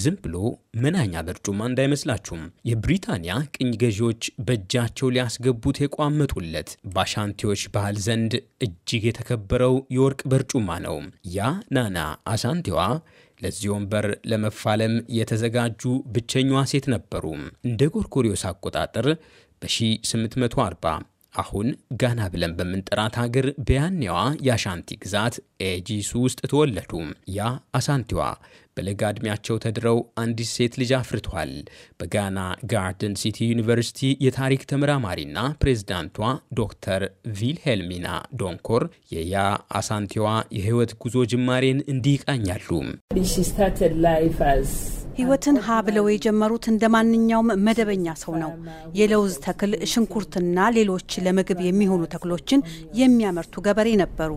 ዝም ብሎ መናኛ በርጩማ እንዳይመስላችሁም የብሪታንያ ቅኝ ገዢዎች በእጃቸው ሊያስገቡት የቋመጡለት በአሻንቲዎች ባህል ዘንድ እጅግ የተከበረው የወርቅ በርጩማ ነው። ያ ናና አሻንቲዋ ለዚህ ወንበር ለመፋለም የተዘጋጁ ብቸኛዋ ሴት ነበሩ። እንደ ጎርጎሪዮስ አቆጣጠር በ1840 አሁን ጋና ብለን በምንጠራት ሀገር በያኔዋ የአሻንቲ ግዛት ኤጂሱ ውስጥ ተወለዱ። ያ አሳንቲዋ በለጋ ዕድሜያቸው ተድረው አንዲት ሴት ልጅ አፍርቷል። በጋና ጋርደን ሲቲ ዩኒቨርሲቲ የታሪክ ተመራማሪና ፕሬዝዳንቷ ዶክተር ቪልሄልሚና ዶንኮር የያ አሳንቲዋ የህይወት ጉዞ ጅማሬን እንዲህ ይቃኛሉ። ህይወትን ሀ ብለው የጀመሩት እንደ ማንኛውም መደበኛ ሰው ነው። የለውዝ ተክል፣ ሽንኩርትና ሌሎች ለምግብ የሚሆኑ ተክሎችን የሚያመርቱ ገበሬ ነበሩ።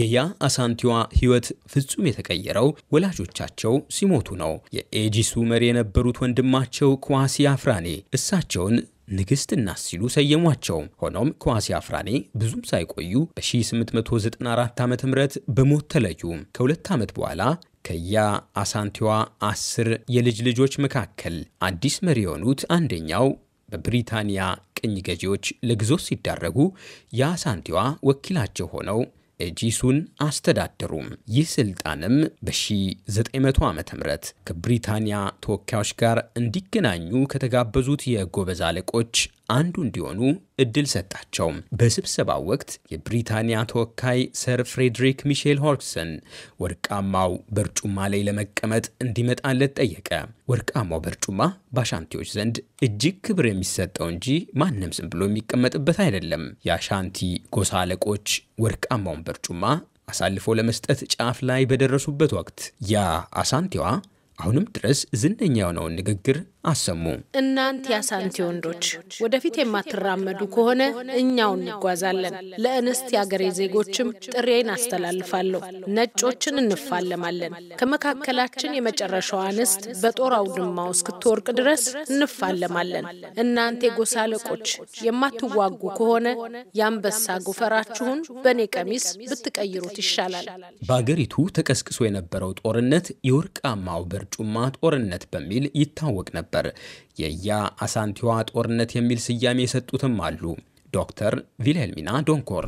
የያ አሳንቲዋ ህይወት ፍጹም የተቀየረው ወላጆቻቸው ሲሞቱ ነው። የኤጂሱ መሪ የነበሩት ወንድማቸው ክዋሲ አፍራኔ እሳቸውን ንግሥት እናት ሲሉ ሰየሟቸው። ሆኖም ኳሲ አፍራኔ ብዙም ሳይቆዩ በ1894 ዓ ም በሞት ተለዩ። ከሁለት ዓመት በኋላ ከያ አሳንቲዋ አስር የልጅ ልጆች መካከል አዲስ መሪ የሆኑት አንደኛው በብሪታንያ ቅኝ ገዢዎች ለግዞት ሲዳረጉ የአሳንቲዋ ወኪላቸው ሆነው እጂሱን አስተዳደሩም። ይህ ስልጣንም በ1900 ዓ ም ከብሪታንያ ተወካዮች ጋር እንዲገናኙ ከተጋበዙት የጎበዝ አለቆች አንዱ እንዲሆኑ እድል ሰጣቸው። በስብሰባው ወቅት የብሪታንያ ተወካይ ሰር ፍሬድሪክ ሚሼል ሆርክሰን ወርቃማው በርጩማ ላይ ለመቀመጥ እንዲመጣለት ጠየቀ። ወርቃማው በርጩማ በአሻንቲዎች ዘንድ እጅግ ክብር የሚሰጠው እንጂ ማንም ዝም ብሎ የሚቀመጥበት አይደለም። የአሻንቲ ጎሳ አለቆች ወርቃማውን በርጩማ አሳልፎ ለመስጠት ጫፍ ላይ በደረሱበት ወቅት ያ አሳንቲዋ አሁንም ድረስ ዝነኛ የሆነውን ንግግር አሰሙ። እናንት ያሳንቲ ወንዶች ወደፊት የማትራመዱ ከሆነ እኛው እንጓዛለን። ለእንስት የአገሬ ዜጎችም ጥሬን አስተላልፋለሁ። ነጮችን እንፋለማለን። ከመካከላችን የመጨረሻው እንስት በጦር አውድማው እስክትወርቅ ድረስ እንፋለማለን። እናንት የጎሳ አለቆች የማትዋጉ ከሆነ የአንበሳ ጎፈራችሁን በእኔ ቀሚስ ብትቀይሩት ይሻላል። በአገሪቱ ተቀስቅሶ የነበረው ጦርነት የወርቃማው ብርድ ጩማ ጦርነት በሚል ይታወቅ ነበር። የያ አሳንቲዋ ጦርነት የሚል ስያሜ የሰጡትም አሉ። ዶክተር ቪልሄልሚና ዶንኮር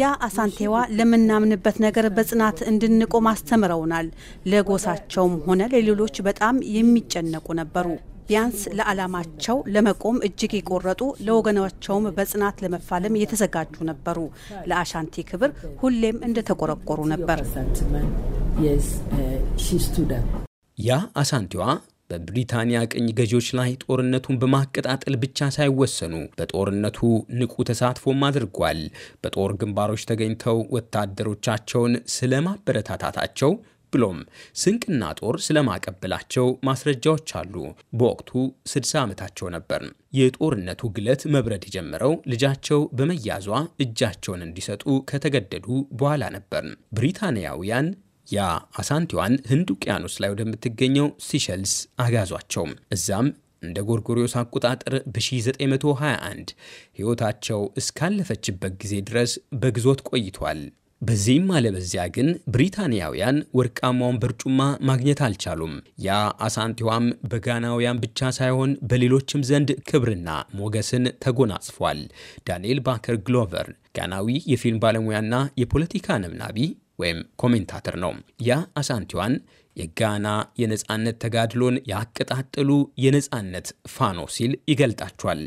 ያ አሳንቴዋ ለምናምንበት ነገር በጽናት እንድንቆም አስተምረውናል። ለጎሳቸውም ሆነ ለሌሎች በጣም የሚጨነቁ ነበሩ። ቢያንስ ለዓላማቸው ለመቆም እጅግ የቆረጡ ለወገናቸውም በጽናት ለመፋለም የተዘጋጁ ነበሩ። ለአሻንቲ ክብር ሁሌም እንደተቆረቆሩ ነበር። ያ አሳንቲዋ በብሪታንያ ቅኝ ገዢዎች ላይ ጦርነቱን በማቀጣጠል ብቻ ሳይወሰኑ በጦርነቱ ንቁ ተሳትፎም አድርጓል። በጦር ግንባሮች ተገኝተው ወታደሮቻቸውን ስለማበረታታታቸው ብሎም ስንቅና ጦር ስለማቀበላቸው ማስረጃዎች አሉ። በወቅቱ 60 ዓመታቸው ነበር። የጦርነቱ ግለት መብረድ የጀመረው ልጃቸው በመያዟ እጃቸውን እንዲሰጡ ከተገደዱ በኋላ ነበር። ብሪታንያውያን ያ አሳንቲዋን ህንድ ውቅያኖስ ላይ ወደምትገኘው ሲሸልስ አጋዟቸው። እዛም እንደ ጎርጎሪዮስ አቆጣጠር በ1921 ሕይወታቸው እስካለፈችበት ጊዜ ድረስ በግዞት ቆይቷል። በዚህም አለበዚያ ግን ብሪታንያውያን ወርቃማውን በርጩማ ማግኘት አልቻሉም። ያ አሳንቲዋም በጋናውያን ብቻ ሳይሆን በሌሎችም ዘንድ ክብርና ሞገስን ተጎናጽፏል። ዳንኤል ባከር ግሎቨር ጋናዊ የፊልም ባለሙያና የፖለቲካ ነብናቢ ወይም ኮሜንታተር ነው። ያ አሳንቲዋን የጋና የነፃነት ተጋድሎን ያቀጣጠሉ የነፃነት ፋኖ ሲል ይገልጣቸዋል።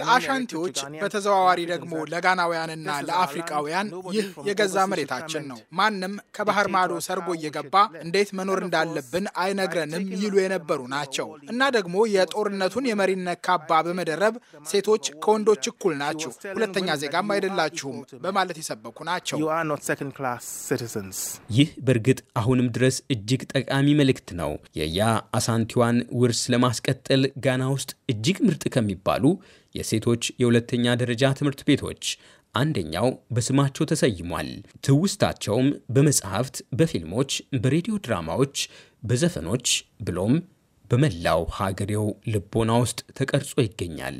ለአሻንቲዎች በተዘዋዋሪ ደግሞ ለጋናውያንና ለአፍሪቃውያን ይህ የገዛ መሬታችን ነው። ማንም ከባህር ማዶ ሰርጎ እየገባ እንዴት መኖር እንዳለብን አይነግረንም ይሉ የነበሩ ናቸው እና ደግሞ የጦርነቱን የመሪነት ካባ በመደረብ ሴቶች ከወንዶች እኩል ናችሁ፣ ሁለተኛ ዜጋም አይደላችሁም በማለት የሰበኩ ናቸው። ይህ በእርግጥ አሁንም ድረስ እጅግ ጠቃሚ መልእክት ነው። የያ አሳንቲዋን ውርስ ለማስቀጠል ጋና ውስጥ እጅግ ምርጥ ከሚባሉ የሴቶች የሁለተኛ ደረጃ ትምህርት ቤቶች አንደኛው በስማቸው ተሰይሟል። ትውስታቸውም በመጽሐፍት፣ በፊልሞች፣ በሬዲዮ ድራማዎች፣ በዘፈኖች ብሎም በመላው ሀገሬው ልቦና ውስጥ ተቀርጾ ይገኛል።